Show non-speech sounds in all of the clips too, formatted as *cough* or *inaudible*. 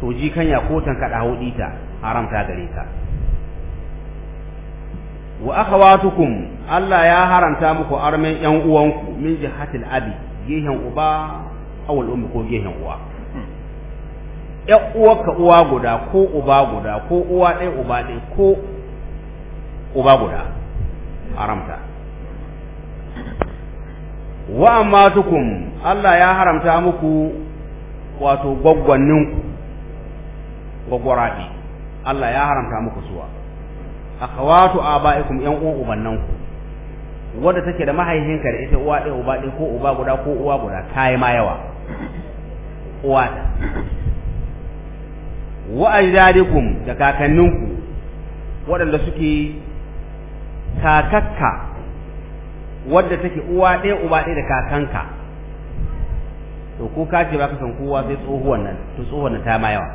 to jikanya ko tanka da hudi ta haramta gare ka wa akhawatukum Allah ya haramta muku armen yan uwanku min jihatil abi gehen uba awal ummi ko gehen uwa uwa ka uwa guda ko uba guda ko uwa ɗaya uba ɗaya ko uba guda haramta wa amma tukum Allah ya haramta muku wato ku wa gurabi Allah ya haramta muku suwa akhawatu abaikum yan uwa ubannanku wanda take da mahaifinka da ita uwa ɗaya uba ɗaya ko uba guda ko uwa guda kayi ma yawa uwa ta wa ajdadikum da kakanninku waɗanda suke kakakka wadda take uwa ɗaya uba ɗaya da kakanka to ko ka ba ka san kowa sai tsohuwan nan to tsohuwan ta ma yawa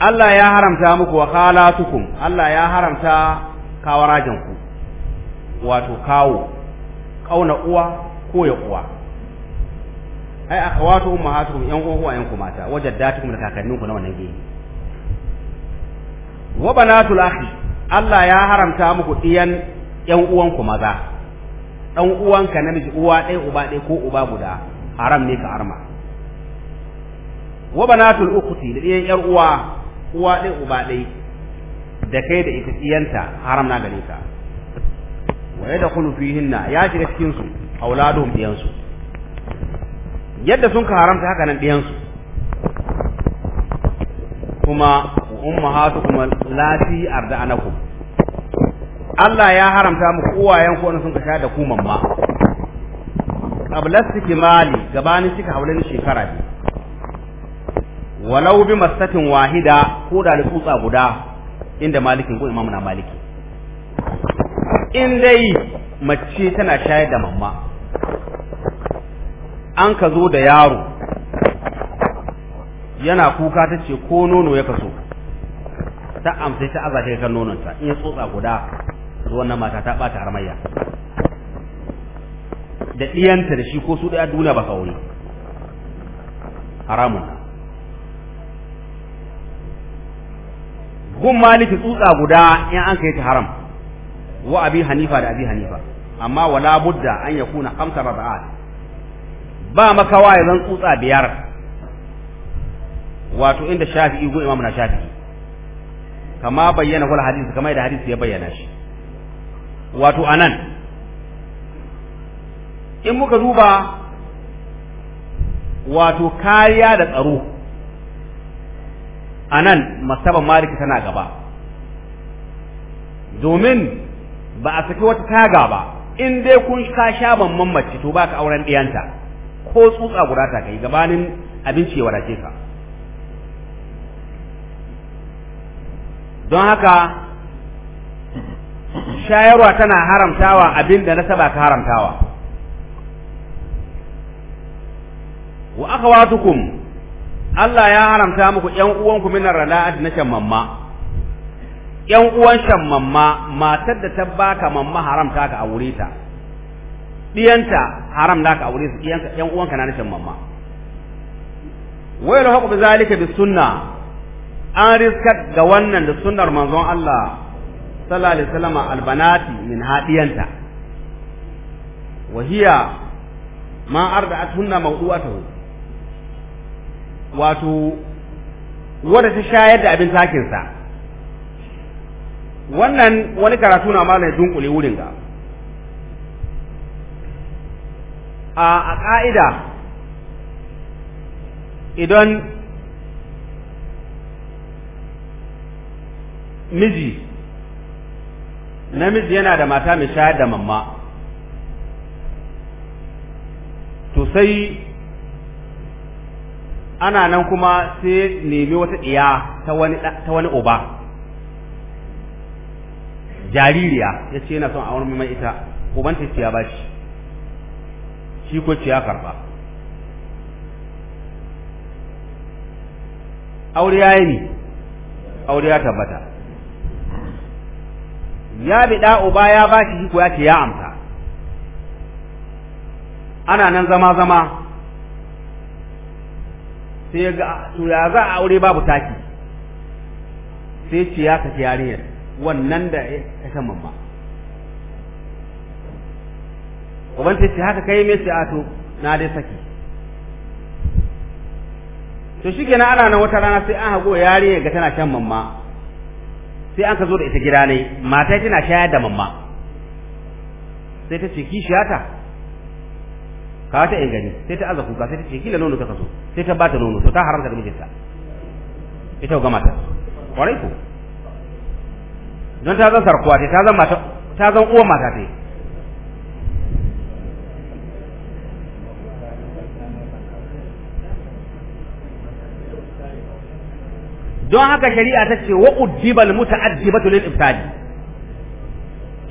Allah ya haramta muku wa khalatukum Allah ya haramta kawarajanku wato kawo kauna uwa ko ya uwa ai akhawatu ummahatukum yan uwa yan ku mata wajaddatukum da kakanninku na wannan gehe wa banatul akhi Allah ya haramta muku diyan yan uwan ku maza dan uwanka namiji uwa ɗaya uba ɗaya ko uba guda haram ne ka arma wa banatul ukhti da diyan yar uwa uwa ɗai uba ɗai da kai da ita iyanta haram na gare ka wa ya da kunu fihinna ya shiga cikin su auladun biyansu? yadda sun ka haramta haka nan ɗiyansu kuma hatu kuma lati arda'anakum Allah ya haramta muku uwayen ku sun ka sha da ku mamma qabla kimali gabanin cika haulin shekara biyu walau bi masatin wahida ko da da tsutsa guda inda malikin ko imamu na maliki in dai mace tana shayar da mamma an ka zo da yaro yana kuka ta ce ko nono ya kaso ta amsa ta aza ta kan nononta in ya tsotsa guda zuwa na mata ta bata harmayya da ɗiyanta da shi ko su ɗaya duniya ba kawai haramun gun maliki tsutsa guda in an kai ta haram wa abi hanifa da abi hanifa amma wala budda an yakuna khamsa rab'at ba makawa ya zan tsutsa biyar wato inda shafi'i go imamu na shafi'i kama bayyana wal hadisi kama da hadisi ya bayyana shi wato anan in muka duba wato kariya da tsaro anan masaban maliki tana gaba domin ba a saki wata taga ba in dai kun ka sha mamman mace to baka auren diyanta ko tsutsa guda ta kai gabanin abinci ya wadace ka don haka shayarwa tana haramtawa abinda da nasaba ka haramtawa wa akhawatukum Allah ya haramta muku ƴan uwanku min rada'at na shammamma ƴan uwan shammamma matar da ta baka mamma haramta ka aure ta diyanta haram da ka aure su diyanka ƴan uwanka na shammamma wayar haƙu zalika bi sunna an riska ga wannan da sunnar manzon Allah sallallahu alaihi wasallam albanati min hadiyanta wa hiya ma arda'at hunna mawdu'atuhu wato wadda ta shayar da abin takinsa wannan wani karatu na malam dunkule wurin ga a ƙa'ida idan miji namiji yana da mata mai shayar da mamma to sai ana nan kuma sai nemi wata ɗiya ta wani uba jaririya ya ce yana son a wani mai ita uban ta ciya ba shi shi ko ciya karba aure ya yi ne aure ya tabbata ya biɗa uba ya ba shi shi ko ya ce ya amsa ana nan zama-zama sai ya ga to ya za a aure babu taki sai ce ya saki yarinyar wannan da ya san mamma uban sai ce haka kai mai sai a to na dai saki to na ana nan wata rana sai an hago yarinyar ga tana shan mamma sai an ka zo da ita gida ne mata tana shayar da mamma sai ta ce kishiyata kawata ta gani sai ta azaku kuka sai ta ce kila nono ta kaso sai ta bata nono to ta haramta ga mijinta ita ga mata kwarai ko don ta zan sarkuwa ta zan mata ta zan uwa mata ta don haka shari'a ta ce wa ujibal muta'addibatu lil ibtadi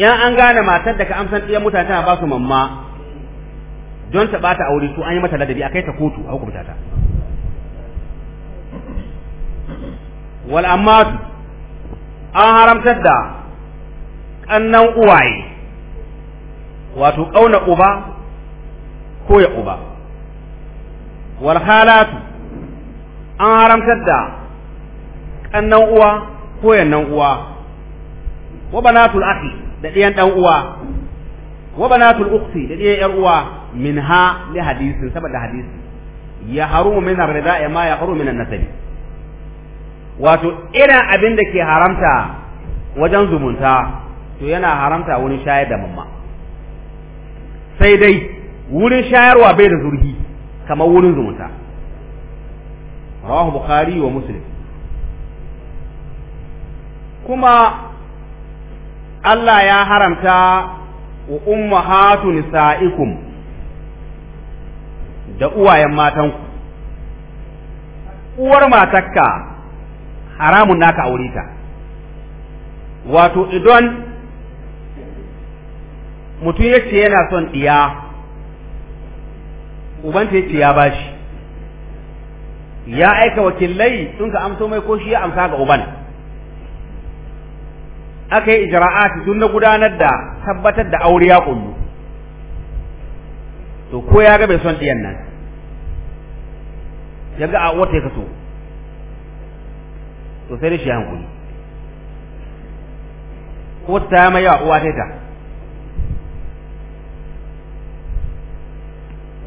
yan an gane matar da ka amsan ɗiyan mutane ta ba su mamma don ta bata aure su an yi mata ladabi a kai ta kotu a hukunta ta wal ammatu an haramtar da kannan uwaye wato kauna uba ko ya uba wal khalatu an haramtar da kannan uwa ko yannan uwa wa banatul akhi da ɗiyan ɗan uwa wa banatul ukhti da ɗiyan ƴar uwa Min ha li hadisin saboda hadisi ya harumu min ar ya ma ya harumu min an wato ina abin da ke haramta wajen zumunta to yana haramta wurin shayar da mamma sai dai wurin shayarwa bai da zurgi kamar wurin zumunta rawahu bukhari wa muslim kuma Allah ya haramta wa ummahatu nisa'ikum da uwayen matanku uwar matakka haramun naka aure ta wato idon mutum ya ce yana son iya, ubanta ya ce ya bashi ya aika wakilai sun ka amso mai ko shi ya amsa ga uban aka yi ijra'ati tun na gudanar da tabbatar da aure ya kullu to ko ya ga bai son diyan nan ya ga a wata ya kaso to sai da shi hankali ko ta mai yawa uwa ta ta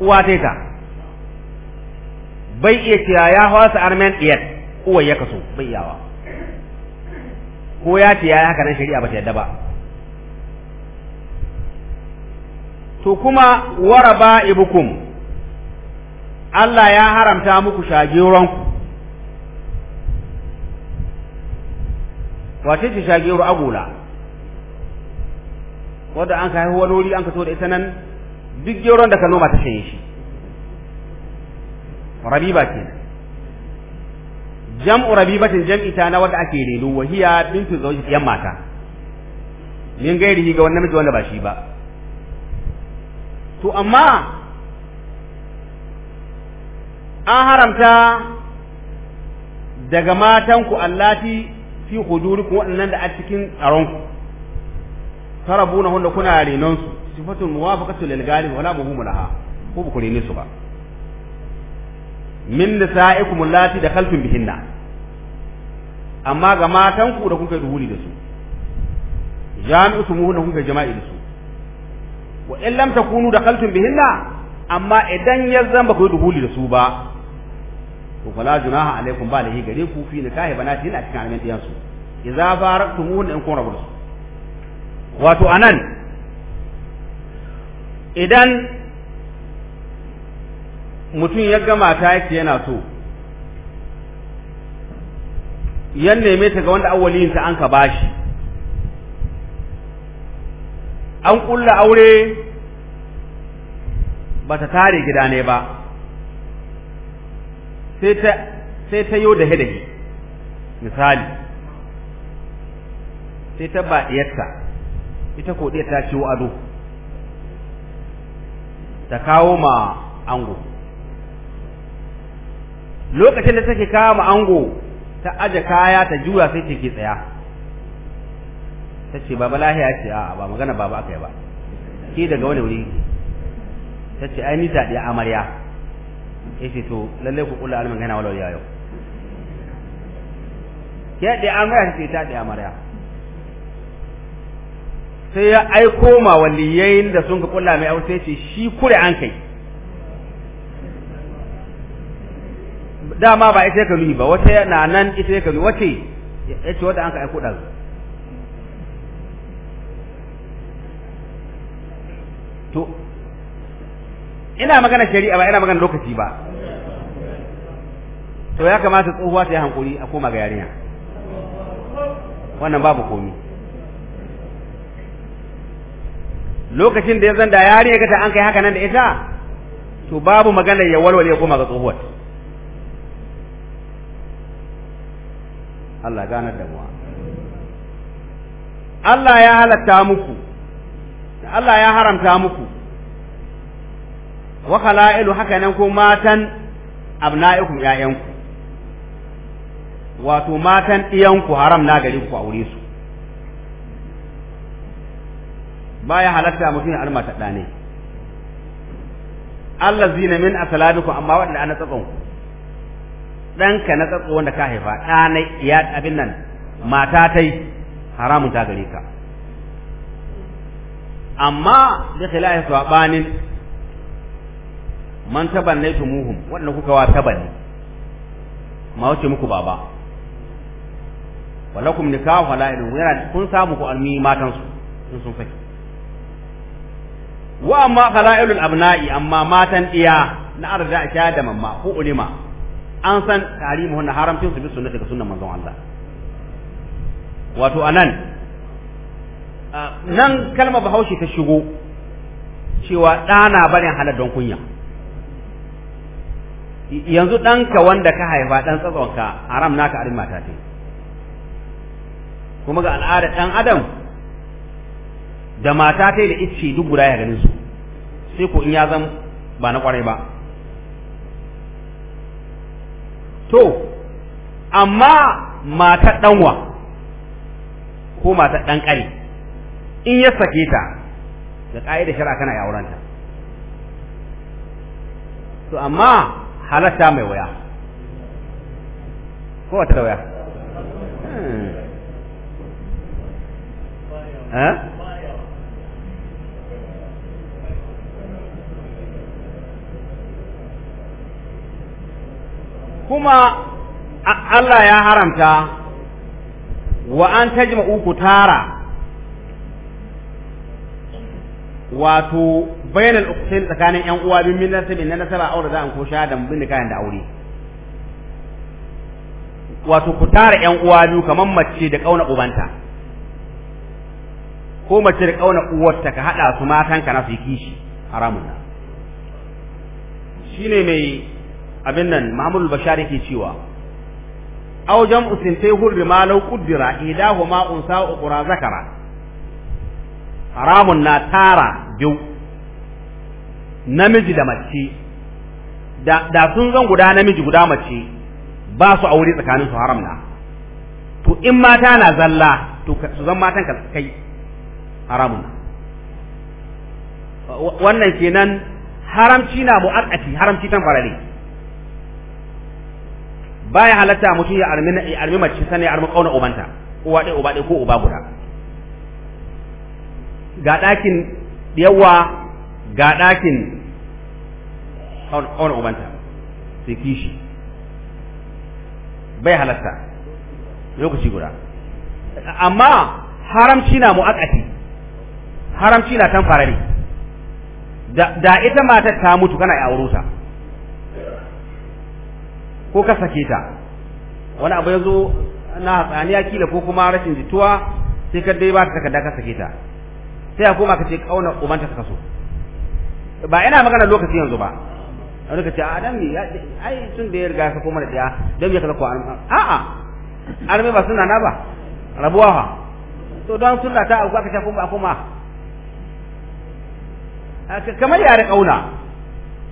uwa ta ta bai iya cewa ya hawasa armen diyan uwa ya kaso bai yawa ko ya ce ya haka nan shari'a ba ta yadda ba to kuma waraba ibukum Allah ya haramta muku shageronku wace ce shagero agula wadda an ka haihu wani an ka so da ita nan duk geron da ka noma ta shanye shi rabiba ke jam'u rabibatin jam'i ta na wadda ake reno wahiya bintu zawji yan mata min gairi ga wannan miji wanda ba shi ba to amma an haramta daga matanku allati fi hudurikum waɗannan da a cikin tsaronku tarabuna hunna kuna renon su sifatun muwafaqatu lil ghalib wala muhimu laha ko ba ku rene su ba min nisaikum allati dakhaltum bihinna amma ga matanku da kuka duhuli da su jami'u tumuhunna kuka jama'i da su wa in lam takunu dakaltum bihinna amma idan ya zan ku duhuli da su ba to fala junaha alaikum ba lahi gare ku fi nikahi banati ina cikin alamin diyansu idza faraktum faraqtumuhun in kun rabu da su wato anan idan mutum ya ga mata yake yana so yan neme ta ga wanda awwalin ta an ka bashi an kulla aure ba ta tare gida ne ba sai ta sai ta yo da hedahi misali sai ta ba diyarta ita ko diyar ta ciwo ado ta kawo ma ango lokacin da take kawo ma ango ta aje kaya ta jura sai take tsaya ta ce baba lahiya ce a'a ba magana baba aka yi ba ki daga wani wuri ta ce ai ni ta ɗaya amarya ya ce to lalle ku kula almin gana walau yau ya ɗaya amarya ta ce ta ɗaya amarya sai ya aiko ma waliyayin da sun ka kula mai aure sai ce shi kure an kai dama ba ita ya kanu ba wata na nan ita ya kanu wace ya ce wata an ka aiko ɗazu to ina magana shari'a ba ina magana lokaci ba to ya kamata tsohuwa ta yi hankuri a koma ga yarinya wannan babu komi lokacin da ya zanda yarinya ya gata an kai haka nan da ita to babu magana ya walwale ya koma ga tsohuwar Allah ganar da mu Allah ya halatta muku Allah ya haramta muku wa khala'ilu haka nan ko matan abna'ikum ya'yanku, wato matan iyanku haram na gari ku aure su baya halatta mutum ya almata ɗane Allah zina min asalabikum amma waɗanda ana tsakon ku ka na tsatso wanda ka haifa ɗanai ya abin nan mata tai haramun ta gare ka amma da khilafi sabanin man tu muhum wanda kuka wa tabanni ma wace muku baba walakum nikahu halailu yana kun samu ku almi matan su sun sun saki wa amma khala'il abna'i amma matan iya na arda a shada mamma ko ulima an san tarihi mun haramcin su bi sunnati da sunnan manzon Allah wato anan nan kalmar bahaushe ta shigo cewa ɗana barin halar don kunya yanzu ɗanka wanda ka haifa ɗan tsatsonka haram naka arin mata ce kuma ga al'ada ɗan adam da mata ta da icce duk guda ya ganin su sai ko in ya zan ba na kwarai ba to amma mata ɗanwa ko mata ɗan ƙari in ya sake ta da ƙa'ida shari'a kana ya aurenta to amma halatta mai waya ko wata da waya hmm. eh? kuma Allah ya haramta wa an tajma'u ku tara wato bayanan uktain tsakanin yan uwa bin min nasabi na nasaba aure za an ko da bin kayan da aure wato ku tara yan uwa biyu kamar mace da kauna ubanta ko mace da kauna uwarta ka hada su matan ka na su kishi haramun na shine mai abin nan Muhammad Bashari ke cewa aw jam'u sintai hurri ma law qaddara idahuma unsa uqra zakara haramun na tara biyu namiji da mace da sun zan guda namiji guda mace ba su aure tsakanin su haram na to in mata na zalla to su zan matan ka kai haramun wannan kenan haramci na mu'akkati haramci tan farare baya halatta mutum ya armi mace sani ya armi kauna ubanta uwa dai uba dai ko uba guda ga ɗakin yawa ga ɗakin ƙaunar ubanta sai kishi bai halatta lokaci guda amma haramci na mu'akati haramci na tamfara da ita mata ta mutu kana auro ta ko ka sake ta wani abu ya zo na hatsaniya kila ko kuma rashin jituwa sai ka dai ba ta takarda ka sake ta sai a koma ka ce kauna uban ka so ba ina magana lokaci yanzu ba wani ka ce a dan mi ai sun da ya riga ka koma da ɗaya don ya kalko a a arme ba suna na ba rabuwa ha to don suna ta abu aka ce koma a koma kamar yare kauna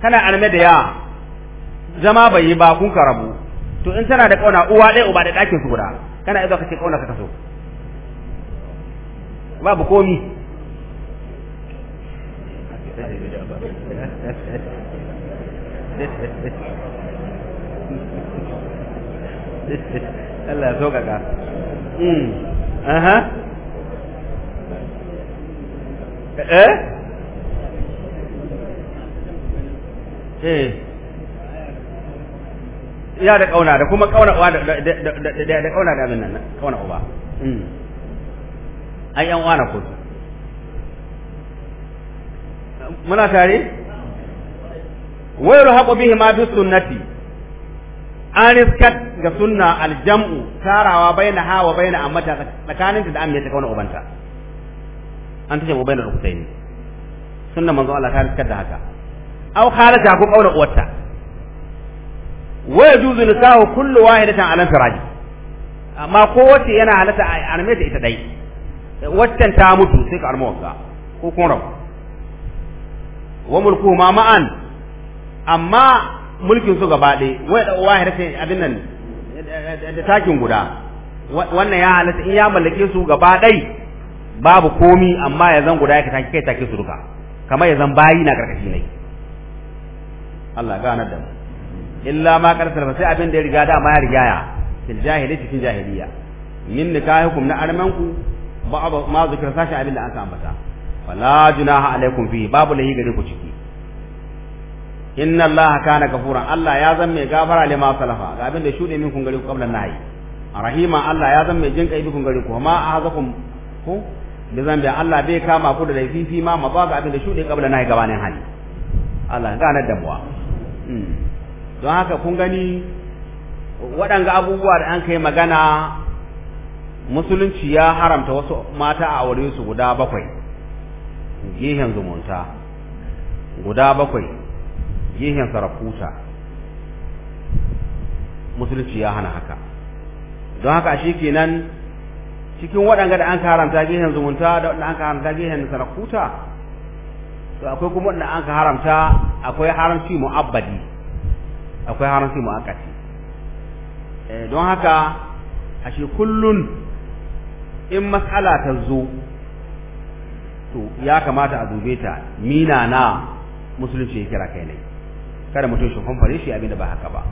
kana arme da ya zama bai yi ba kun ka rabu to in tana da kauna uwa ɗaya uba da ɗakin su guda kana iya ka ce kauna ka kaso babu komi *laughs* Allah ya sauƙaƙa hmm. aha eh eh ya da ƙauna da kuma ƙauna uwa da da da da abin da kauna uba mm ai yan na kudu muna tare wayar haƙo bihi ma fi sunnati an riskat ga sunna aljam'u tarawa na hawa na amma tsakanin da amma ta kauna ubanta an tace na da kusaini sunna manzo Allah ta riskat da haka aw khalaja ko kauna uwarta wa ni nikahu kullu wahidatan alan firaji amma ko wace yana halatta a arme ita dai waccan ta mutu sai ka armo wanka ko kun rabu wa mulku ma ma'an amma mulkin su gaba ɗaya wai da wahir sai abin nan da takin guda wannan ya halatta in ya mallake su gaba ɗaya babu komi amma ya zan guda ya take kai take su duka kamar ya zan bayi na karkashi ne Allah ganar da mu illa ma karsar sai abin da ya riga da ma ya riga ya fil jahili cikin jahiliya min nikahikum na armanku ba ma zikra sashi abin da an aka ambata wala junaha alaikum fi babu lahi gare ku ciki inna allaha kana gafuran allah ya zan mai gafara ma salafa ga abin da shude min kun gare ku qablan nahi rahima allah ya zan mai jin kai kun gare ku ma azakum ku da bi allah bai kama ku da laifi fi ma ma ba ga abin da shude qablan nahi gabanin hali allah nan da buwa don haka kun gani waɗanga abubuwa da an kai magana musulunci ya haramta wasu mata a aure su guda bakwai gehen zumunta guda bakwai gehen sarakuta musulunci ya hana haka don haka shi kenan cikin waɗanga da an haramta gehen zumunta da waɗanda an haramta gehen sarakuta to akwai kuma waɗanda an haramta akwai haramci mu'abbadi akwai haramci mu'akkati eh, don haka ashe kullun in mas'ala ta zo to ya kamata a dube ta mina na musulunci ya kira kai ne kada mutum shi fanfare shi abinda ba haka ba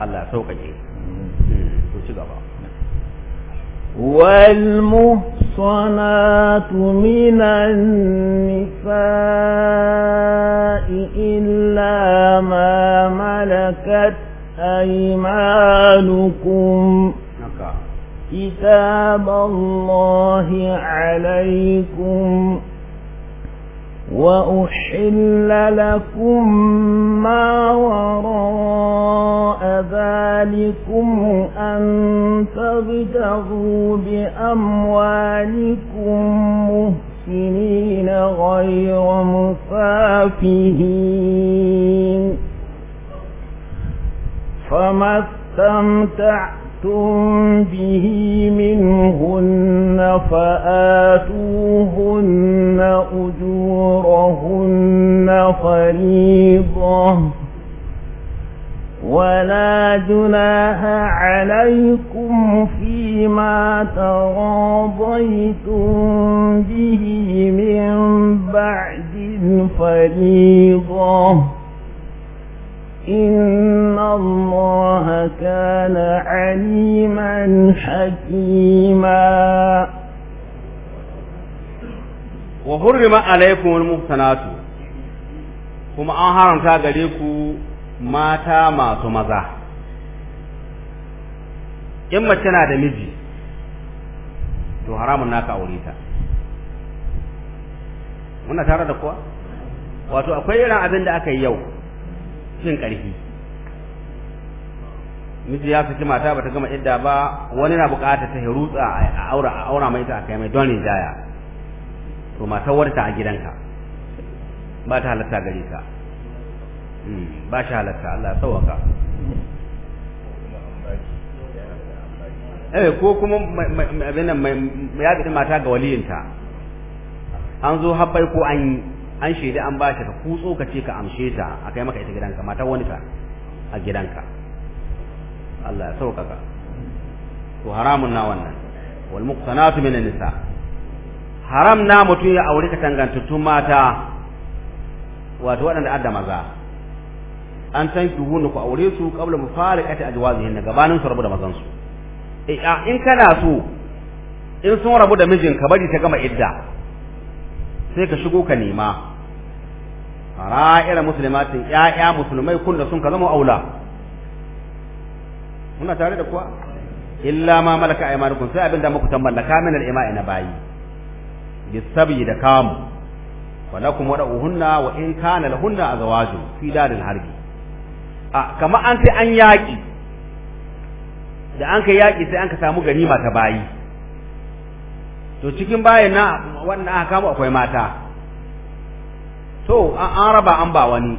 Allah sauƙaƙe hmm, to ci gaba والمحصنات من النساء إلا ما ملكت أيمانكم كتاب الله عليكم وأحل لكم ما وراء ذلكم أن تبتغوا بأموالكم محسنين غير مسافهين فما استمتعتم جئتم به منهن فآتوهن أجورهن فريضة ولا جناح عليكم فيما تراضيتم به من بعد الفريضة إن الله كان عليما حكيما وحرم عليكم المحسنات kuma an haramta gare ku mata masu maza in mace na da miji to haramun naka aure ta muna tare da kuwa wato akwai irin abin da aka yi yau cin ƙarfi miji ya saki mata bata gama idda ba wani na bukata ta hirutsa a aura a aura mai ta a kai mai don rinjaya to mata warta a gidanka ba ta halatta gare ka hmm, ba shi halatta Allah ya sauwaka eh ko kuma abin nan ya bi mata ga waliyinta an zo habbai ko an yi an shaidi an ba ka ka kutso ka ce ka amshe ta a kai maka ita gidanka mata wani ka a gidanka Allah ya sauƙaƙa to haramun na wannan wal muqtanatu minan nisa haram na mutum ya aure ka tangantattun mata wato waɗanda adda maza an san ki hunna ku aure su qabla mufariqati ajwazihin gabanin su rabu da mazan su eh, in kana so in sun rabu da mijin ka bari ta gama idda sai ka shigo ka nema ra'ira muslimatin yaya musulmai kun sun ka zama aula muna tare da kuwa illa ma malaka aymanukum sai abinda muku tan mallaka min al-ima'i na bayi bisabi da kamu walakum wada'uhunna wa in kana lahunna azwajun fi daril harbi a kama an sai an yaki da an kai yaki sai an ka samu ganima ta bayi to cikin bayan na wannan aka kama akwai mata to an raba an ba wani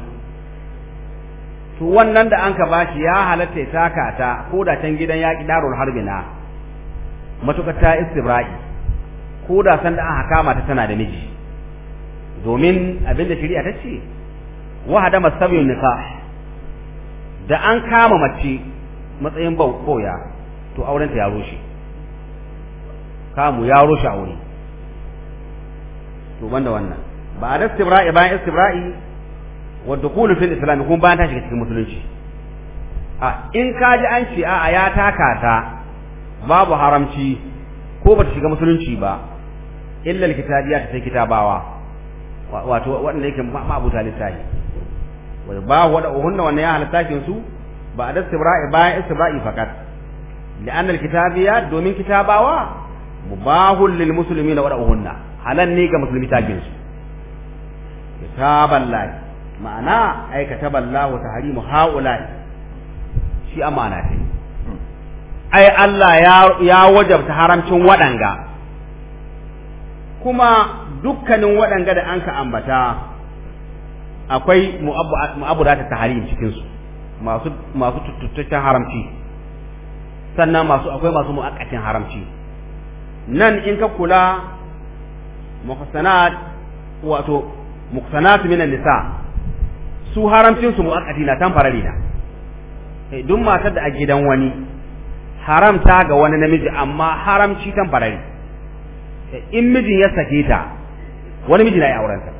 to wannan da anka ka bashi ya halatta ya taka ta ko da can gidan yaƙi darul harbi na matuƙar ta istibra'i ko da san da an kama ta tana da miji domin da shari'a ta ce wahada masabiyun nika da an kama mace matsayin bauya to auren ta ya rushe samu ya rushe aure to banda wannan ba da istibra'i bayan istibra'i wa dukhulu fil islam kun bayan ta shiga cikin musulunci a in ka ji an ce a ya taka ta babu haramci ko ba ta shiga musulunci ba illa alkitabiyat sai kitabawa wato wanda yake ma'abuta littafi wal ba wada hunna wannan ya halatta kin su ba da istibra'i bayan istibra'i fakat li'anna alkitabiyat domin kitabawa mubahul lil muslimina wada'uhunna halan ne ga musulmi tagin su kitaban ma'ana ai kataban lahu tahrimu haula'i shi amana ta ai Allah ya ya wajabta haramcin waɗanga kuma dukkanin waɗanga da an ka ambata akwai ta tahrim cikin su masu masu tuttuttun haramci sannan masu akwai masu mu'akkatin haramci nan in ka kula muhsanat wato muhsanat minan nisa su haramcin su muakkati na tamfarari na eh duk matar da a gidan wani haramta ga wani namiji amma haramci tamfarari eh, in mijin ya sake ta wani miji na yi ta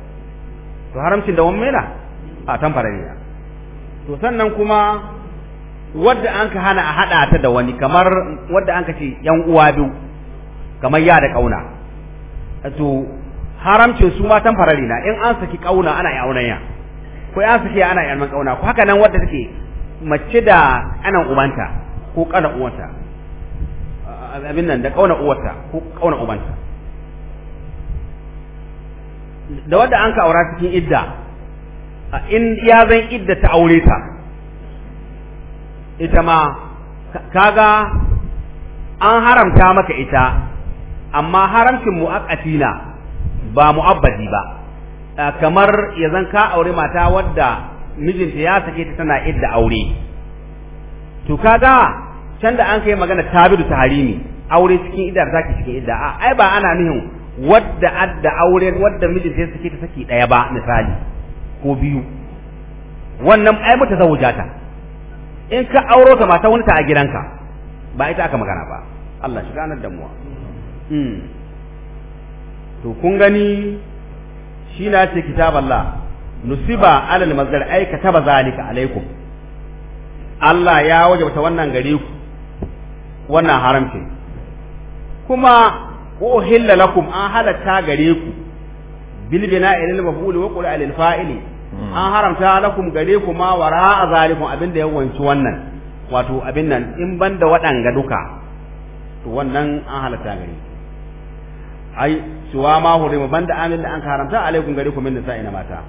to haramcin da wani mena a tamfarari na to sannan kuma wadda an ka hana a haɗa ta da wani kamar wadda an ka ce ‘yan uwa biyu kamar ya da kauna to haramcin su matan farari na in an saki kauna ana yi aunanya ko an saki ana yi alman kauna ko haka nan wadda take mace da ƙanan ubanta ko kana uwanta abin nan da kauna uwarta ko kauna ubanta da wadda an ka aura cikin idda in ya zan idda ta aure ta ita ma kaga an haramta maka ita amma haramcin mu'aqqati na ba mu'abbadi ba kamar ya zan ka aure mata wadda mijinta ya sake ta tana idda aure to kaga can da an kai magana tabidu ta harimi aure cikin idda zaki cikin idda a ai ba ana nihin wadda adda aure wadda mijinta ya sake ta saki daya ba misali ko biyu wannan ai mata zawujata in ka auro ta mata wani ta a gidanka ba ita aka magana ba Allah shi ganar da mu Hmm. to kun gani shi na ce kitab Allah nusiba alal mazdar ai ba zalika alaikum Allah ya wajabta wannan gare ku wannan haramcin kuma uhilla lakum an halatta gare ku bil bina'i lil maf'ul wa qul alil fa'ili hmm. an haramta lakum gare ku ma wara zalikum abinda ya wanci wannan wato abin nan in banda waɗanga duka to wannan an halatta gare ku ai suwa ma mu banda amin da an karanta alaikum gare ku min nisa'i na mata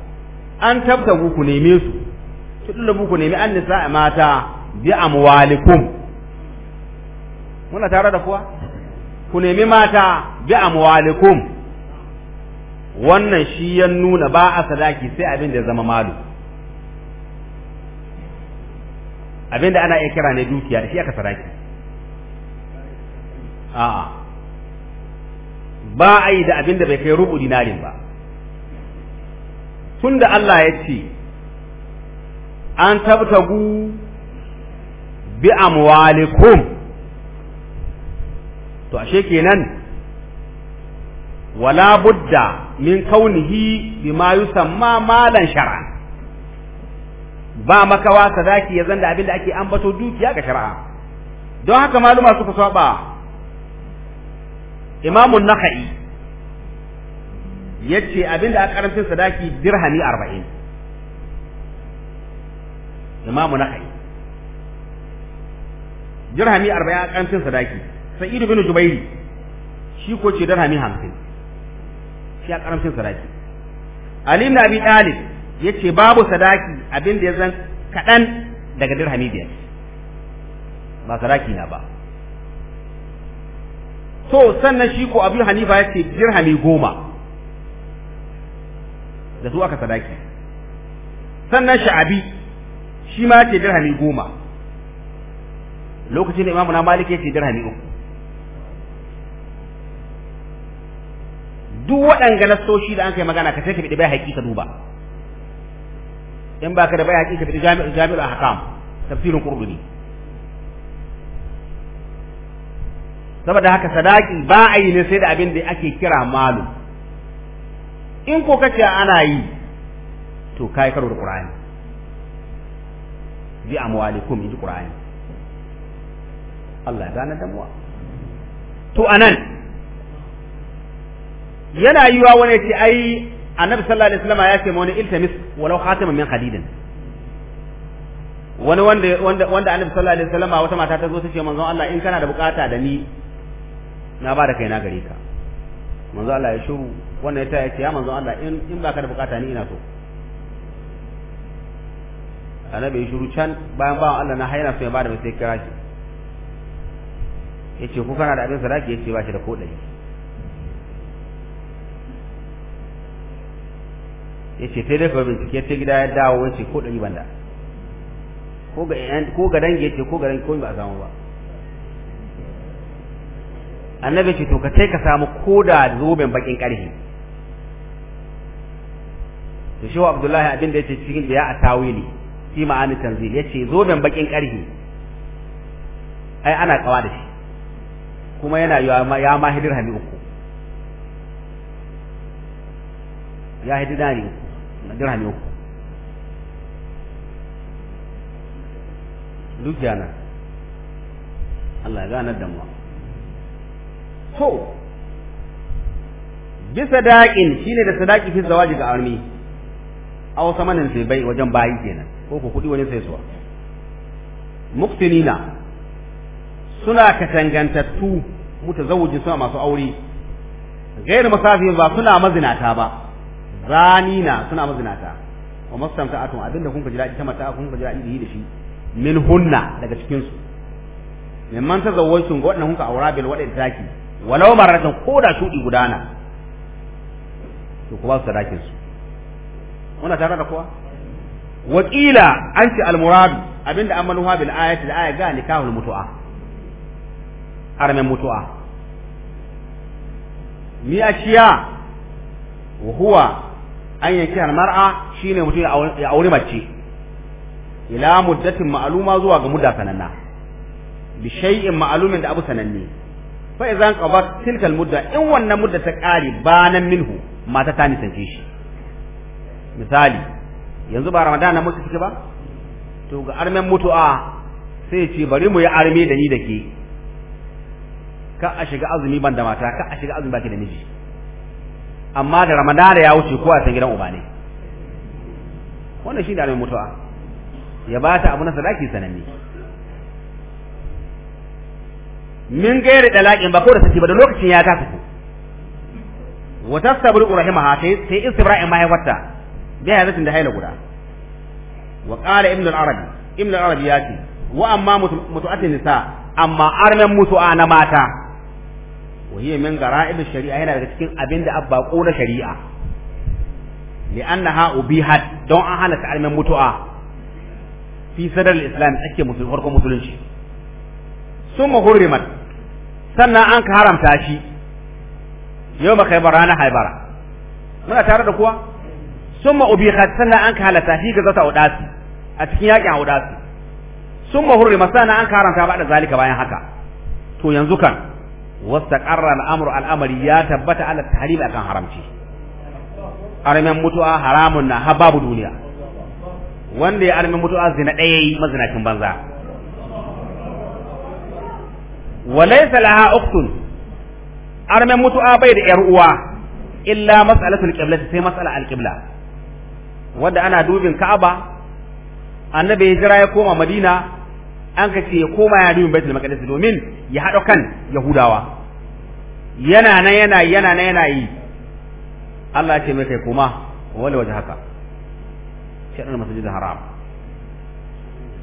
an tabta ku neme su tudulabu ku nemi an nisa'i mata bi amwalikum muna tare da kuwa ku nemi mata bi amwalikum wannan shi ya nuna ba a sadaki sai abin da ya zama malu abin da ana iya kira ne dukiya da shi aka sadaki a'a ba a yi da abin da bai kai rubu dinarin ba tun da Allah ya ce an tabtagu bi amwalikum to ashe kenan wala budda min kaunihi ma yusamma malan shara, ba makawa sadaki ya zanda abin da ake ambato dukiya ga shara? don haka maluma suka saba Imamu naka'i ya ce abinda a karancin sadaki dirhami arba'in imamu naka'i dirhami arba'in a karancin sadaki sa'idu bin jubairi shi ko ce dirhami hamsin shi a karancin sadaki ali ibn abi talib ya ce babu sadaki abinda ya zan kaɗan daga dirhami biyar ba sadaki na ba to sannan shi ko abu hanifa ya ce dirhami goma da su aka sadaki sannan sha'abi shi ma ya ce dirhami goma lokacin da imamu na malik ya ce dirhami uku duk waɗanga nassoshi da an kai magana ka sai ka bai haƙi ka duba in ba ka da bai haƙi ka bi jami'ar ahkam tafsirin qurdubi saboda haka sadaki ba a yi ne sai da abin da ake kira malu in ko kace ana yi to kai karo da qur'ani bi amwalikum in qur'ani Allah ya gane damuwa to anan yana yiwa wani ce ai annabi sallallahu alaihi wasallam ya ce wani iltamis walau khatiman min hadidin wani wanda wanda wanda annabi sallallahu alaihi wasallam wata mata ta zo ta ce manzon Allah in kana da bukata da ni na ba da kaina gare ka manzo Allah ya shuru wannan ta yace ya manzo Allah in in baka da bukata ni ina so annabi ya shuru can bayan bawan Allah na haira so ya bada sai kira shi yace ko kana da abin sadaki yace ba shi da ko dari yace sai dai ka bincike ta gida ya dawo yace ko dari banda ko ga ko ga dangi yace ko ga dangi ko ba a samu ba annabi ce to ka sai ka samu koda zoben bakin karfi to shi abdullahi abin da yake cikin da ya a tawili shi ma'ani tanzil yace zoben bakin karfi ai ana kawa da shi kuma yana ya ma hidir hami uku ya hidir dani dirhami uku duk jana Allah ya ganar da mu to bisa daƙin shine da sadaki fi zawaji ga armi a wasu manin sai bai wajen bayi kenan ko ku kuɗi wani sai suwa muktinina suna katangantattu zawuji suna masu aure gairu masafi ba suna mazinata ba zanina suna mazinata wa mastamta atun abinda kun ka jira ita mata kun ka jira idi da shi min hunna daga cikin su mimman tazawwajtum ga wadannan kun ka aura bil wadai taki walau maratan ko da shudi gudana to kuma su sadakin su muna tare da kowa wakila an ce almuradu abinda an manuwa bil ayati da aya ga nikahul mutu'a harmin mutu'a mi ashiya wa huwa an yanki mar'a shine mutum ya aure mace ila muddatin ma'aluma zuwa ga mudda sananna bi shay'in ma'alumin da abu sananne fa idan qaba tilka mudda in wannan mudda ta kare banan minhu mata ta nisance shi misali yanzu ba ramadan na mutu ba to ga armen a sai ce bari mu yi arme da ni da ke ka a shiga azumi ban da mata ka a shiga azumi baki da miji amma da ramadan ya wuce kowa san gidan uba ne wannan da armen a ya ba ta abu na sadaki sananne min da dalakin ba ko da saki ba da lokacin ya kasa wa tasabru rahimaha sai sai istibra'in ma haifarta bi hadatin da haila guda wa ƙara ibn al-arabi ibn arabi ya ce wa amma mutu'atin nisa amma armen mutu'a na mata wa hiya min gara'ib shari'a yana daga cikin abin da abba na shari'a li annaha ubihat don an hana armen mutu'a fi sadar islam ake musulmi farkon musulunci sun hurrimat sannan an ka haramta shi yau ba kai barana haibara muna tare da kuwa sun ma ubi sannan an ka halata shi ga zata udasi a cikin yakin udasi sun ma hurri sannan an ka haramta ba da zalika bayan haka to yanzu kan wastaqarra al-amru al ya tabbata ala tahrim akan haramci armen mutuwa haramun na hababu duniya wanda ya armen mutuwa zina ɗaya yi mazinacin banza وليس لها ukhtun armen mutu'a bai da yar uwa illa mas'alatul qiblati sai mas'ala al-qibla wanda ana dubin Ka'aba annabi ya jira ya koma Madina an ka ce ya koma ya dubin Baitul Maqdis domin ya hado kan Yahudawa yana nan yana yana nan yana yi Allah ya ce mai kai koma wala waje haka masjidil haram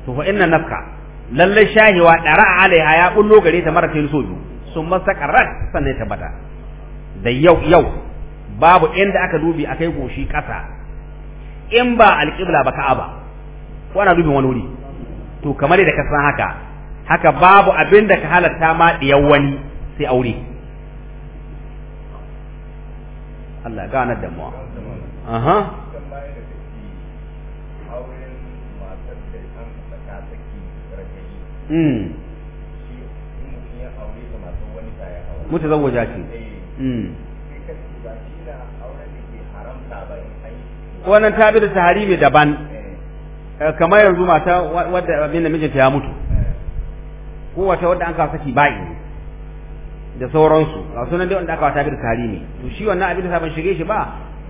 to fa inna nafka lallai shahiwa dara alaiha ya bullo gare ta mara kai soju sun masa karrat sannan ta bada da yau yau babu inda aka dubi akai goshi kasa in ba alqibla ba ka'aba ko ana dubin wani wuri to kamar da ka san haka haka babu abin da ka halatta ma diyan wani sai aure Allah nan da mu aha Hmm. mutu zan hmm. wannan ta bi da tahari mai daban eh, kamar yanzu mata wadda abin da mijinta ya mutu ko wata wadda an kawo saki ba'i da sauransu a sunan dai wanda aka wata bi da tahari ne to shi wannan abin da sabon shige shi ba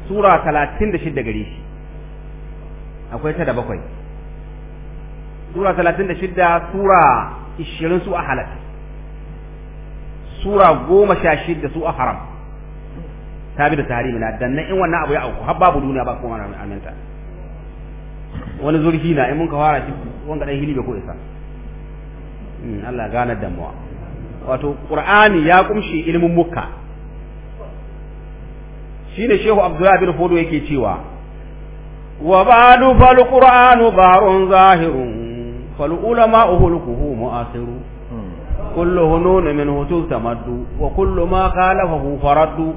sura talatin da gare shi akwai ta da bakwai sura shidda sura ishirin su a halal sura shidda su a haram ta bi da tahrimi na dan in wannan abu ya auku har babu duniya ba kuma na aminta wani zurfi na in mun ka fara shi wanga dan hili bai ko isa hmm, Allah gane damuwa wato qur'ani ya kumshi ilmin mukka shine shehu abdullahi bin fodo yake cewa wa ba'du fal qur'anu barun zahirun فالأولى فالعلماء هلكه مؤثر كل هنون منه تلتمد وكل ما خالفه فرد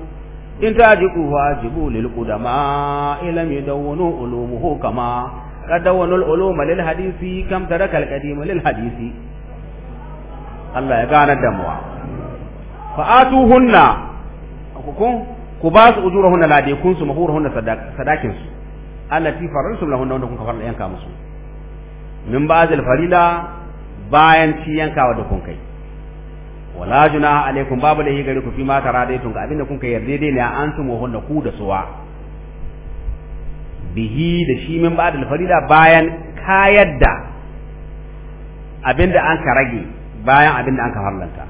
إن تاجبوا واجبوا للقدماء لم يدونوا علومه كما قد دونوا العلوم للحديث كم ترك القديم للحديث الله يقانا الدموع فآتوهن أخوكم كباس أجورهن لا ديكون سمهورهن صداكنس التي فرنسم لهن ونكم كفر لأنك كامسون min ba'dil farila bayan ci yankawa da kun wala juna alaikum babu da gari ku fi ma tun ga abinda kun kai yarda dai ne an tumo hunna ku da suwa bihi da shi min ba'dil farila bayan kayar da abinda an ka rage bayan abinda an ka farlanta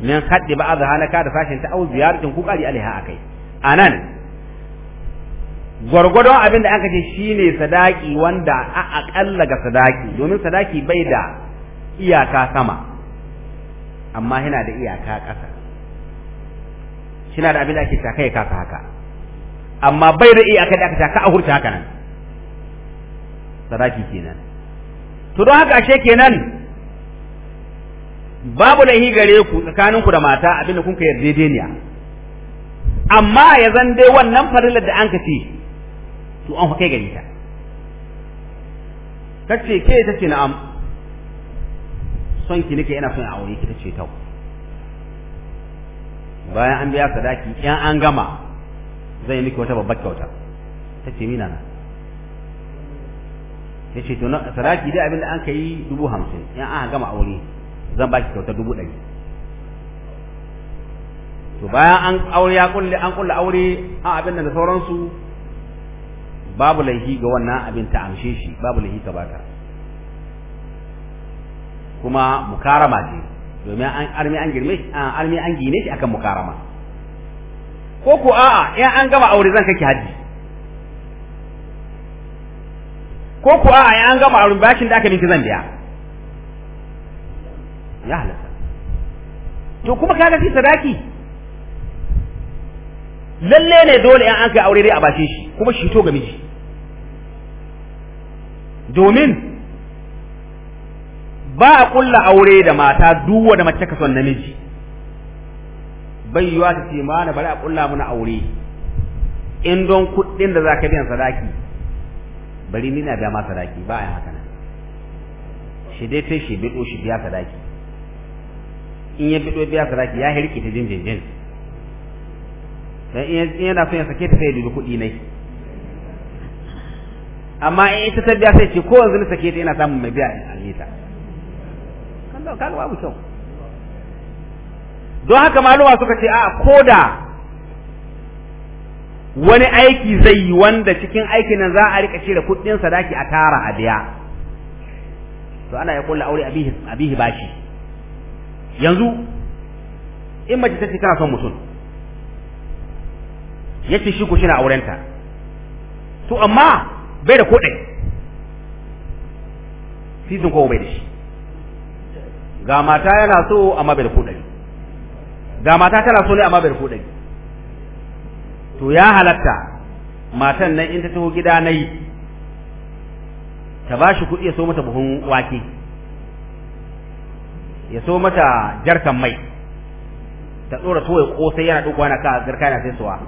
min haddi ba'dha halaka da fashin ta au ziyaratin ku kari alaiha akai anan gwargwadon abin da aka ce shi ne sadaki wanda a aƙalla ga sadaki domin sadaki bai da iyaka sama amma yana da iyaka ƙasa shina da abin da ake taka ya kasa haka amma bai da iyaka da aka taka a hurta haka nan sadaki kenan to don haka ashe kenan babu laihi gare ku tsakaninku da mata abin da kun ka yarda yarjejeniya amma ya zan dai wannan farilar da an ka ce to an kai gari ta tace ke tace na'am son ki nake ina son aure ki tace tau bayan an biya sadaki yan an gama zai miki wata babbar kyauta tace mina na ce to sadaki dai abin da an kai dubu hamsin yan an gama aure zan baki kyauta dubu ɗari to bayan an aure ya kulle an kulle aure a abin da sauransu babu laifi ga wannan abin ta amshe shi babu laifi ka baka kuma mukarama ce domin an armi an girme shi an armi an gine shi akan mukarama ko ko a'a in an gama aure zan kake haji ko ko a'a in an gama aure bakin da aka miki zan biya ya halatta to kuma kaga shi sadaki lalle ne dole in an kai aure dai a bashe shi kuma shi to ga miji domin ba a kulla aure da mata duwa da mace ka son namiji bai yiwa ta ce ma na bari a kulla muna aure in don kuɗin da za ka biyan sadaki bari ni na biya ma sadaki ba a haka nan shi dai ta shi biɗo shi biya sadaki in ya biɗo biya sadaki ya hirki ta jinjin jin dan in yana son ya sake ta sai ya dubi kuɗi nai amma in ita ta biya sai ce ko yanzu na sake ta ina samun mai biya in kan ta kan babu kyau don haka maluma suka ce a koda wani aiki zai yi wanda cikin aikin nan za a rika cire kuɗin sadaki a tara a biya to ana ya kulla aure abihi abihi bashi yanzu in mace ta ce tana son mutum yace shi ku shi na aurenta to amma bai da ko ɗaya sisin ko bai da shi ga mata yana so amma bai da ko ga mata tana so ne amma bai da ko to ya halatta matan nan in ta taho gida na yi ta ba shi kuɗi ya so mata buhun wake ya so mata jarkan mai ta ɗora to ya kosai yana ɗauko na ka zarka yana sai suwa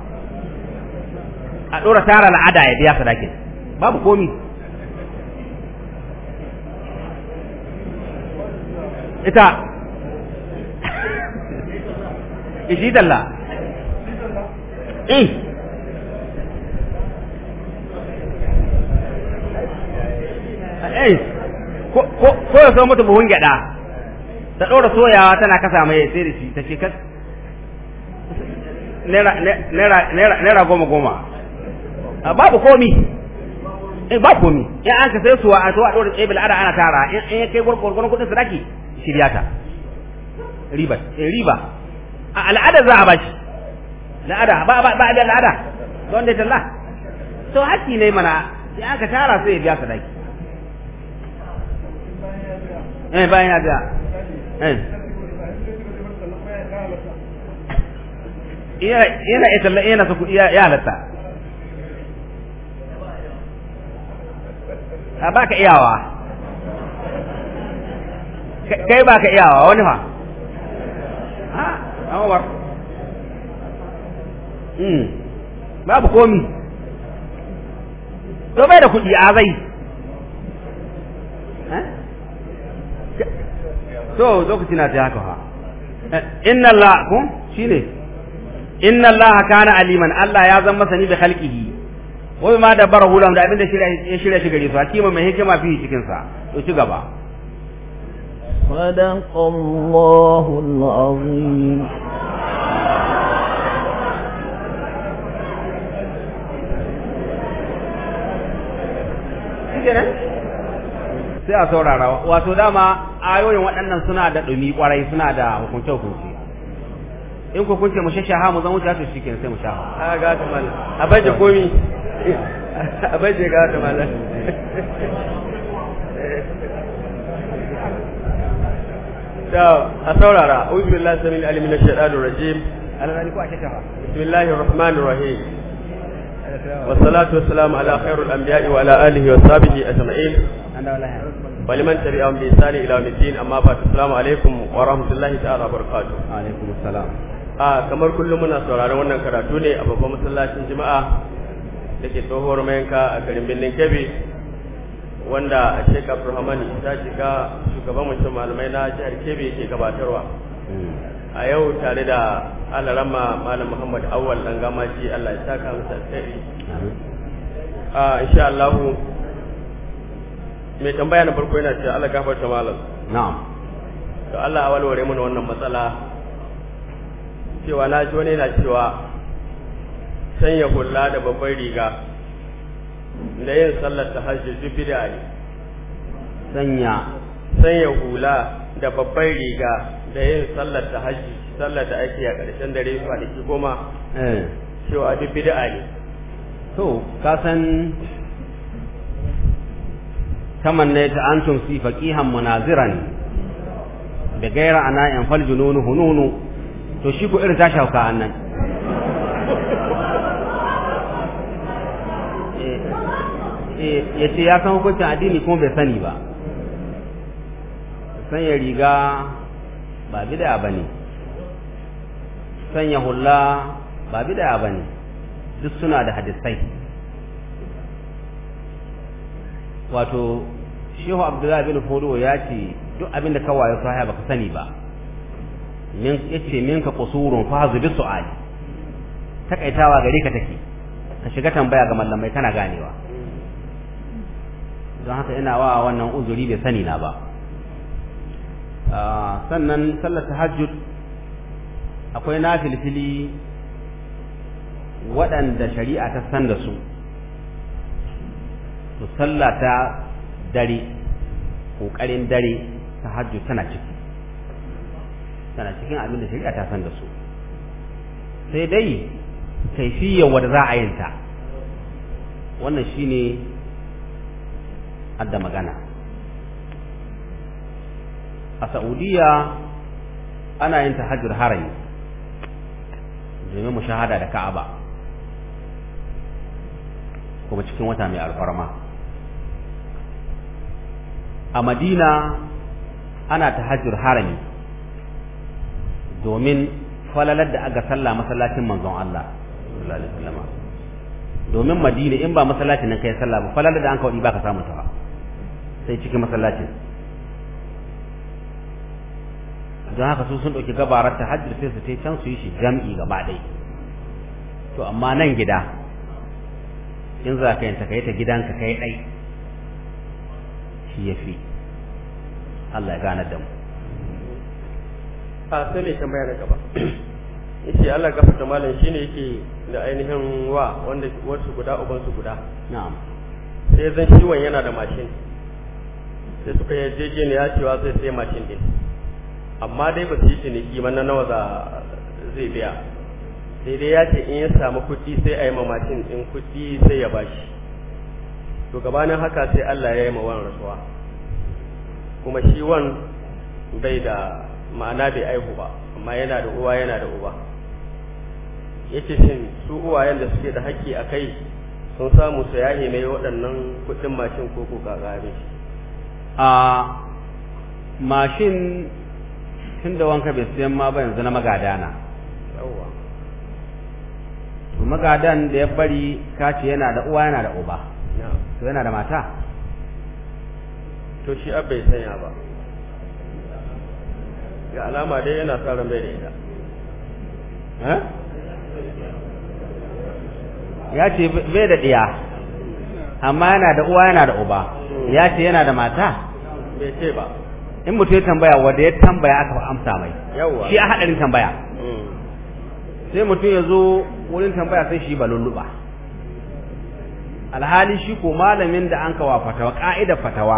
a ɗora tara la'ada ya biya sadakin babu komi ita *laughs* ishi dalla eh eh ko ko ya so mata buhun gyada ta ɗora soyawa tana kasa mai sai da shi ta ce kas naira goma goma babu komi eh ba komi in an ka sai suwa a to a dora tsebil ara ana tara in ya kai gurgurgun kudin sadaki shirya ta riba eh riba a al'ada za a bashi al'ada ba ba ba al'ada don da talla to haƙƙi ne mana in aka tara sai ya biya sadaki eh bayan ya biya eh ina ina ita ina su ya halatta a baka iyawa kai baka iyawa wani ha a Umar mm babu komi to bai da kudi a zai to lokaci na ta haka ha eh, inna Allah ku shine inna Allah kana aliman Allah ya zama sani da khalqihi wai ma da bara hulam da abin da ya shirya shi gare su hakima mai hikima fi cikin sa to ci gaba صدق الله العظيم sai a saurara wato dama ayoyin waɗannan suna da ɗumi ƙwarai suna da hukunce-hukunce in ku kunce mu shashaha mu zan wuce su shi sai mu shaha a ga ta mal a baje komi abai shiga ta malar a saurara a wujibin wa ala alihi ah, kamar kullum muna sauraron wannan karatu ne a babban masallacin jama'a da ke tsohuwar mayanka a garin birnin kebbi wanda a abdul abdulrahman ta shiga shugaban mutum malamai na jihar kebe ke gabatarwa a yau tare da alarama malam muhammad awal dan gamaci allah ya saka masa alkhairi a insha allahu mai tambaya na farko yana cewa allah gafarta malam na'am to allah a walware mana wannan matsala cewa na ji wani yana cewa sanya hula da babban riga da yin sallar ta hajji zufi da ne sanya sanya hula da babban riga da yin sallar ta hajji sallar da ake a karshen dare kwanaki goma eh. cewa zufi da ne So ka san kamar ne ta an tumsi faƙihan munaziran da gaira ana yan faljunonu hununu to shi ku irin ta hauka annan ya ce ya san hukuncin addini kuma bai sani ba sanya riga ba bid'a ba ne sanya hula ba bid'a ba ne duk suna da hadisai wato shehu abdullahi bin hudu ya ce duk abin da kawai sahaya baka sani ba min yace minka qusurun fa hazu bi su'ali takaitawa gare ka take ka shiga tambaya ga mallamai kana ganewa don haka ina wa wannan uzuri bai sani na ba ah, sannan sallar tahajjud akwai nafilfili waɗanda shari'a ta san da su to ta dare ƙoƙarin dare tahajjud tana ciki tana cikin abin da shari'a ta san da su sai dai kaifiyar wadda za a yinta wannan shine adda magana a Saudiya ana yin tahajjud harami domin mu shahada da Ka'aba kuma cikin wata mai alfarma a Madina ana tahajjud harami domin falalar da aka salla masallacin manzon Allah sallallahu alaihi wasallam domin Madina in ba masallacin nan kai sallah ba falalar da an kawai ba ka samu ta ba sai cikin masallacin don haka su sun ɗauki gabarar ta hajjir sai su ta can su yi shi jam'i gaba ɗai to amma nan gida in za ka yanta kai yi ta gidanka kai ɗai shi ya fi Allah ya gane da mu a sai mai tambaya na gaba yake Allah gafarta malam shine yake da ainihin wa wanda wasu guda uban su guda na'am sai zan ciwon yana da mashin sai suka yi ya cewa zai sai mashin din amma dai ba su yi ciniki ba na nawa za zai biya sai dai ya ce in ya samu kuɗi sai a yi mamashin in kuɗi sai ya bashi to gabanin haka sai Allah ya yi ma wani rasuwa kuma shi wan bai da ma'ana bai aihu ba amma yana da uwa yana da uba Yake shin su uwayen da suke da haƙƙi a kai sun samu su yahi mai waɗannan kuɗin mashin ko ko gagarin shi a mashin tun da wanka bai siyan ma ba yanzu na magada na to magadan da ya bari kace yana da uwa yana da uba to yana da mata to shi bai sanya ba ga alama dai yana sa bai da ita eh? ya ce bai da diya amma yana da uwa yana da uba ya ce yana da mata bai ce ba in mutum ya tambaya wanda ya tambaya aka amsa mai shi a hadarin tambaya mm. sai mutum ya zo wurin tambaya sai shi ba lulluɓa alhali shi ko malamin da an kawa fatawa ka'idar fatawa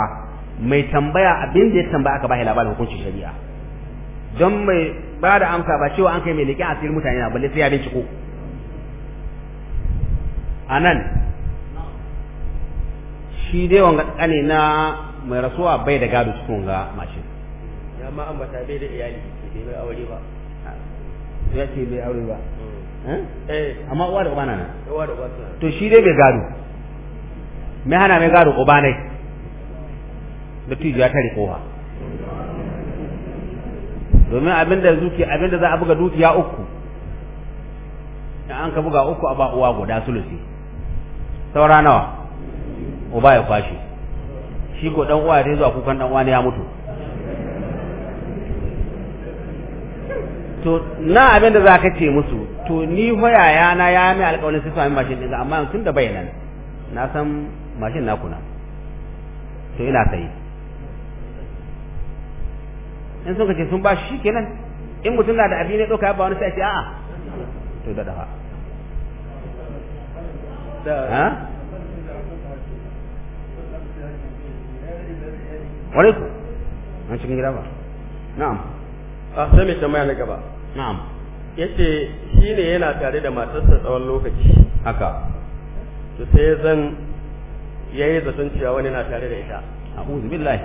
mai tambaya abin da ya tambaya aka ba shi labarin hukuncin shari'a don mai ba da amsa ba cewa an kai mai leƙen asirin mutane na balle sai ya binciko a nan shi dai wanga kane na mai rasuwa bai da gado cikin ga mashin ya ma an bata bai da iyali ke bai aure ba ya ce bai aure ba eh amma uwa da uba na nan uwa da uba to shi dai bai gado mai hana mai gado uba ne da tuju ya tare koha domin abinda zuki abinda za a buga dukiya uku da an ka buga uku a ba uwa guda sulusi saura nawa uba ya kwashe shi ko dan uwa ya zuwa kukan dan uwa ne ya mutu to na abin da zaka ce musu to ni fa yaya na ya mai alƙawarin sai sami mashin din amma tun da nan na san mashin na kuna to ina sai in sun ce sun ba shi kenan in mutum na da abin ne doka ba wani sai ce a'a to da dafa ha ware ku an cikin gida ba na'am a ah, sai mai tambaya na gaba na'am yace shine yana tare da matarsa tsawon lokaci haka to sai zan yayi zaton cewa wani na tare da ita a'udhu billahi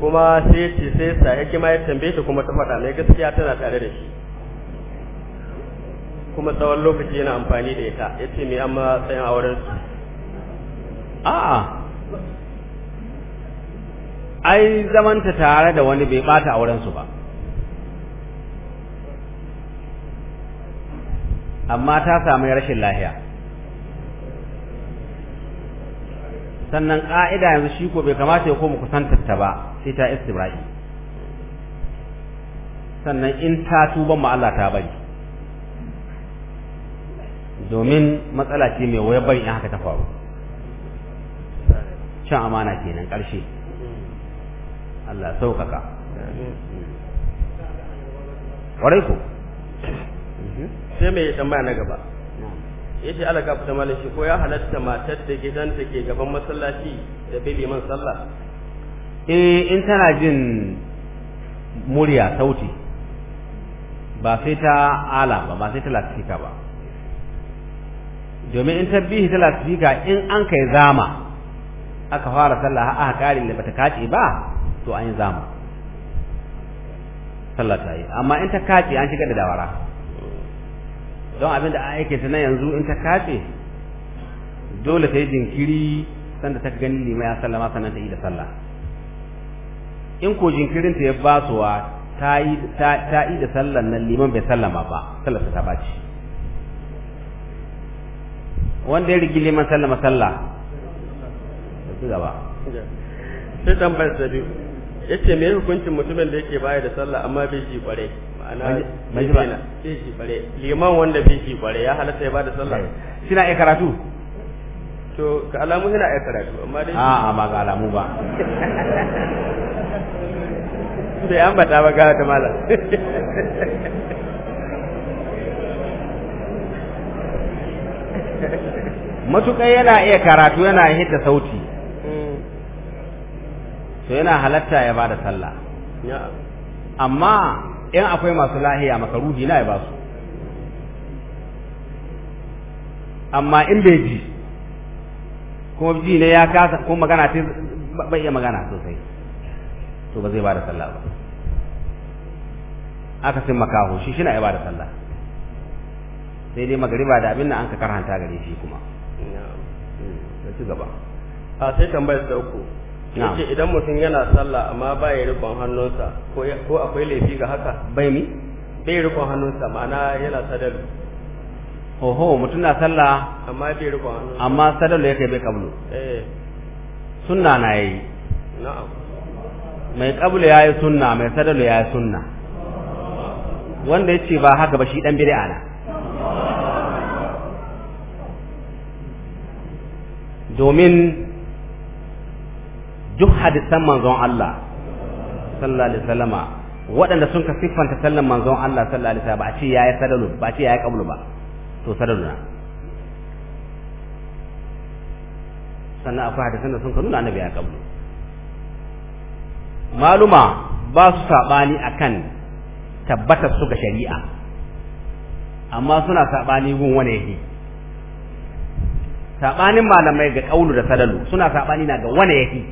kuma sai ce sai sa yake ma ya tambaye ta kuma ta faɗa mai gaskiya tana tare da shi kuma tsawon lokaci yana amfani da ita yace me amma tsayin auren su a'a ai zamanta tare da wani bai bata aurensu ba amma ta samu rashin lahiya sannan ƙa'ida yanzu shi ko bai kamata ya koma kusantar ta ba sai ta istibrahi sannan in ta tuba ma Allah ta bari domin matsala ce mai wayar bari in haka ta faru cin amana kenan ƙarshe Allah sauƙaƙa ƙwarai ku sai mai tambaya na gaba ya ce ala gafu ta malashi ko ya halatta matar da gidanta ke gaban masallaci da bai liman sallah eh in tana jin murya sauti ba sai ta ala ba ba sai ta lasifika ba domin in tabbihi ta lasifika in an kai zama aka fara sallah a kare da bata kace ba to an yi zama sallah ta yi amma in ta kace an shiga da dawara don abin da ake ta na yanzu in ta kace dole ta yi jinkiri sanda ta gani ne ya sallama sannan ta yi da sallah in ko jinkirin ta ya basuwa ta yi ta yi da sallan nan liman bai sallama ba sallar ta bace wanda ya rigi liman sallama sallah ba sai tambayar sabi yace me hukuncin mutumin da yake baya da sallah amma bai ji kware ma'ana bai ji kware liman wanda bai ji kware ya halatta ya bada sallah kina eh. iya karatu to ka alamu kina iya karatu amma dai a'a ba ga alamu ba sai *laughs* an bata ba ga ta malam matuƙar yana iya karatu yana hidda sauti to yana halatta ya bada sallah amma in akwai masu lahiya makaruhi na ya ba su amma in bai ji kuma ji ne ya kasa kuma magana ta bai iya magana sosai to ba zai bada sallah ba aka sai makaho shi shi na ya bada sallah sai dai magariba da abin na an ka karhanta gare shi kuma ci gaba a sai tambayar da uku yace idan mutum yana sallah amma ba ya rikon hannunsa ko akwai laifi ga haka bai mi bai rikon hannunsa ma'ana yana sadalu oho mutum na sallah amma bai rikon hannunsa amma sadalu yake bai kablu eh sunna na yi na'am mai kablu yayi sunna mai sadalu yayi sunna wanda yace ba haka ba shi dan bid'a na domin duk hadisan manzon Allah sallallahu alaihi wasallam waɗanda sun ka siffanta sallan manzon Allah sallallahu alaihi wasallam ba ce yayi sadalu ba ce yayi qablu ba to sadalu na sannan akwai hadisan da sun ka nuna annabi ya qablu maluma ba su sabani akan tabbatar su ga shari'a amma suna sabani gun wani yake sabanin malamai ga kaulu da sadalu suna sabani na ga wani yake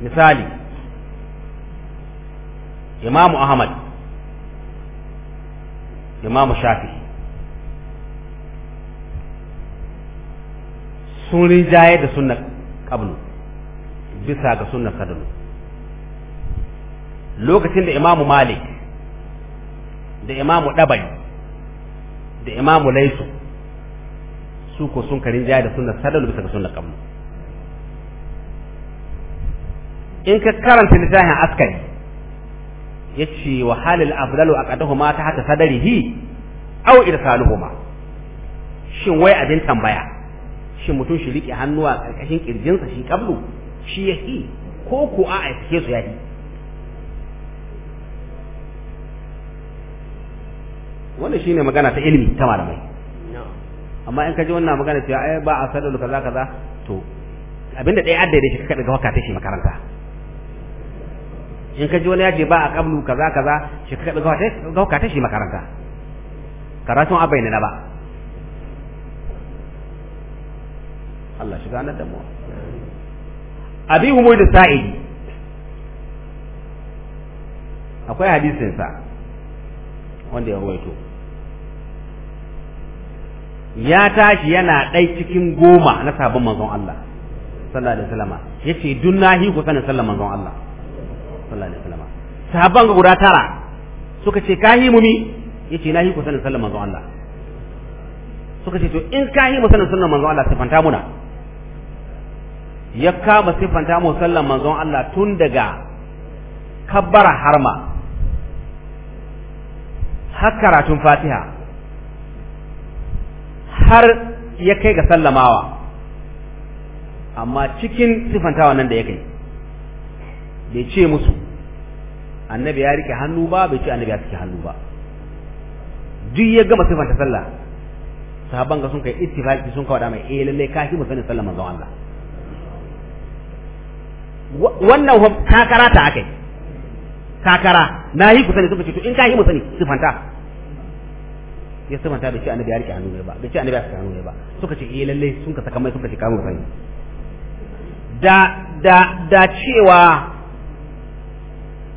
misali imamu ahmad imamu shafi sun rinjaye da sunna kabnu bisa ga sunna kadunu lokacin da imamu malik da imamu ɗabai da imamu laisu su ko sun karin jaya da sunna sadal bisa ga sunna kabnu in ka karanta littafin askari yace wa halil afdalu aqaduhuma ta hata sadarihi aw ma shin wai abin tambaya shin mutum shi rike hannuwa karkashin sa shi kablu shi yahi ko ko a aike su yahi wannan shine magana ta ilimi ta malamai amma in ka ji wannan magana cewa ai ba a sadalu kaza kaza to abinda ɗaya adda da shi ka ga waka ta shi makaranta in ka ji wani ya ce ba a kablu kaza kaza shi ka ga ta shi makaranta karatun abai na ba Allah shiga na damuwa abi umar da sa'idi akwai sa wanda ya ruwaito ya tashi yana ɗai cikin goma na sabon manzon Allah sallallahu alaihi wasallam yace dun ku sanin sallan manzon Allah sallallahu alaihi wasallam sahabban ga guda tara suka ce kahi mumi yace nahi ku sanin sallar manzon Allah suka ce to in kahi mu sanin sallar manzon Allah sifanta muna ya kama fanta mu sallar manzon Allah tun daga kabbara harma har karatun fatiha har ya kai ga sallamawa amma cikin sifantawa nan da ya kai bai ce musu annabi ya rike hannu ba bai ce annabi ya saki hannu ba duk ya gama sifanta sallah sahabban ga sun kai ittifaqi sun kawo da mai eh lalle ka shi magana sallah manzon Allah wannan takara ta akai takara na yi kusani suka ce to in ka yi musani sifanta ya sifanta bai ce annabi ya rike hannu ne ba bai ce annabi ya saki hannu ne ba suka ce eh lalle sun ka saka mai suka ce kamun sani da da da cewa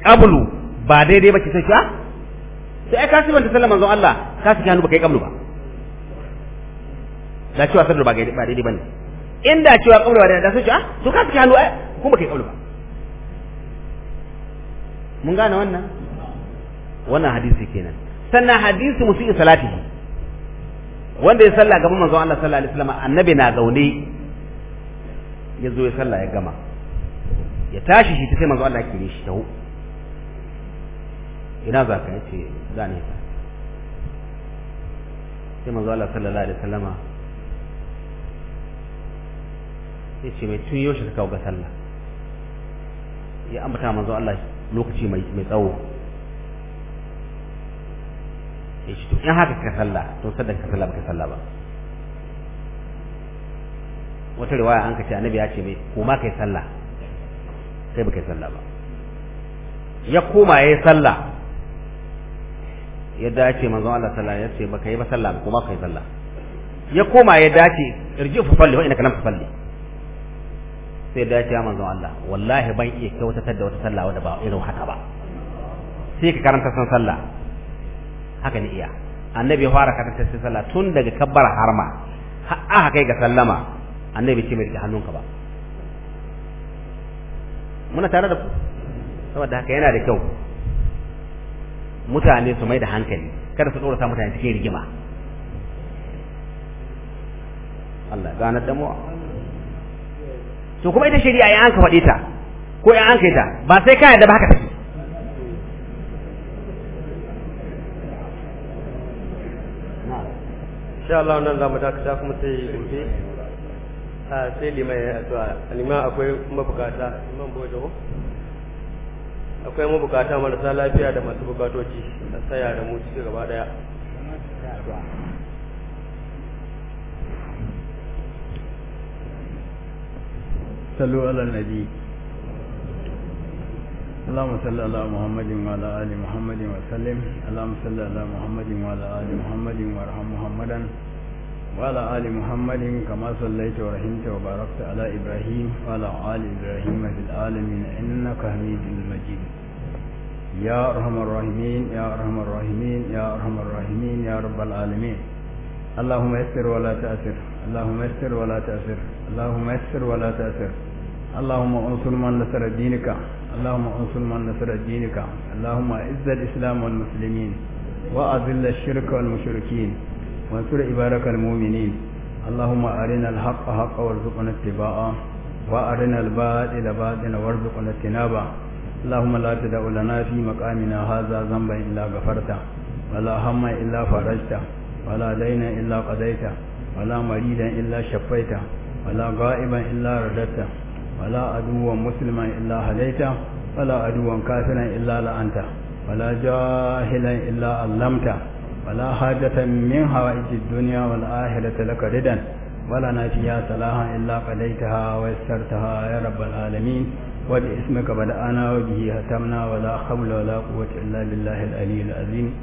qablu ba daidai ba ki sai ka ah, sai ai kasiban ta sallama manzon Allah ka saki hannu ba kai qablu ba da cewa sallu ba daidai ba daidai bane inda cewa qablu ba daidai da sai ka ah, to ka saki hannu ai kuma kai qablu ba mun gane wannan wannan hadisi kenan sannan hadisi musu salati wanda ya salla gaban manzon Allah sallallahu alaihi wasallam annabi na zaune ya zo ya salla ya gama ya tashi shi ta sai manzon Allah ya kire shi tawo ina za ka yace za ne sai manzo Allah sallallahu alaihi wasallama sai ce mai tun yaushe ka kawo ga sallah ya ambata manzo Allah lokaci mai mai tsawo ya ce to in haka ka sallah to sadaka ka sallah ba ka sallah ba wata riwaya an kace annabi ya ce mai koma kai sallah sai baka sallah ba ya koma ya yi sallah ya dace manzon Allah sallallahu alaihi wasallam ya ce baka yi ba sallah ba kuma kai sallah ya koma ya dace irji fa salli wa innaka lam tusalli sai ya dace manzon Allah wallahi ban iya kyautatar da wata sallah wanda ba irin haka ba sai ka karanta san sallah haka ne iya annabi ya fara karanta san sallah tun daga kabbar harma har aka kai ga sallama annabi ce mai rike hannunka ba muna tare da ku saboda haka yana da kyau mutane su mai da hankali kada su sa mutane cikin rigima Allah ganar da mu to kuma ita shari'a ya an ka faɗe ta ko ya an kai ta ba sai ka yadda ba haka take insha Allah nan zamu kasa kuma sai gobe a ah, sai limai addu'a limai akwai mabukata imam bojo akwai mabukata marasa lafiya da masu bukatoci a tsaya da mu cikin gaba daya صلوا على النبي اللهم صل على محمد وعلى ال محمد وسلم اللهم صل على محمد وعلى ال محمد وارحم محمدا وعلى ال محمد كما صليت ورحمت وباركت على ابراهيم وعلى ال ابراهيم في العالمين انك حميد مجيد يا أرحم الراحمين يا أرحم الراحمين يا أرحم الراحمين يا رب العالمين اللهم يسر ولا تأسر اللهم يسر ولا تأسر اللهم يسر ولا تأسر اللهم انصر من نصر دينك اللهم انصر من نصر دينك اللهم اعز الإسلام والمسلمين وأذل الشرك والمشركين وانصر عبادك المؤمنين اللهم أرنا الحق حقا وارزقنا اتباعه وأرنا الباطل باطلا وارزقنا اجتنابه اللهم لا تدع لنا في مقامنا هذا ذنبا إلا غفرته ولا هما إلا فرجته ولا دينا إلا قضيته ولا مريدا إلا شفيته ولا غائبا إلا رددته ولا عدوا مسلما إلا هديته ولا عدوا كافرا إلا لأنته ولا جاهلا إلا علمته ولا حاجة من حوائج الدنيا والآخرة لك ردا ولنا فيها صلاحا إلا قضيتها ويسرتها يا رب العالمين wadda ismaka bada ana wa bihi hatamna wala hawla wala quwwata illa billahi al azim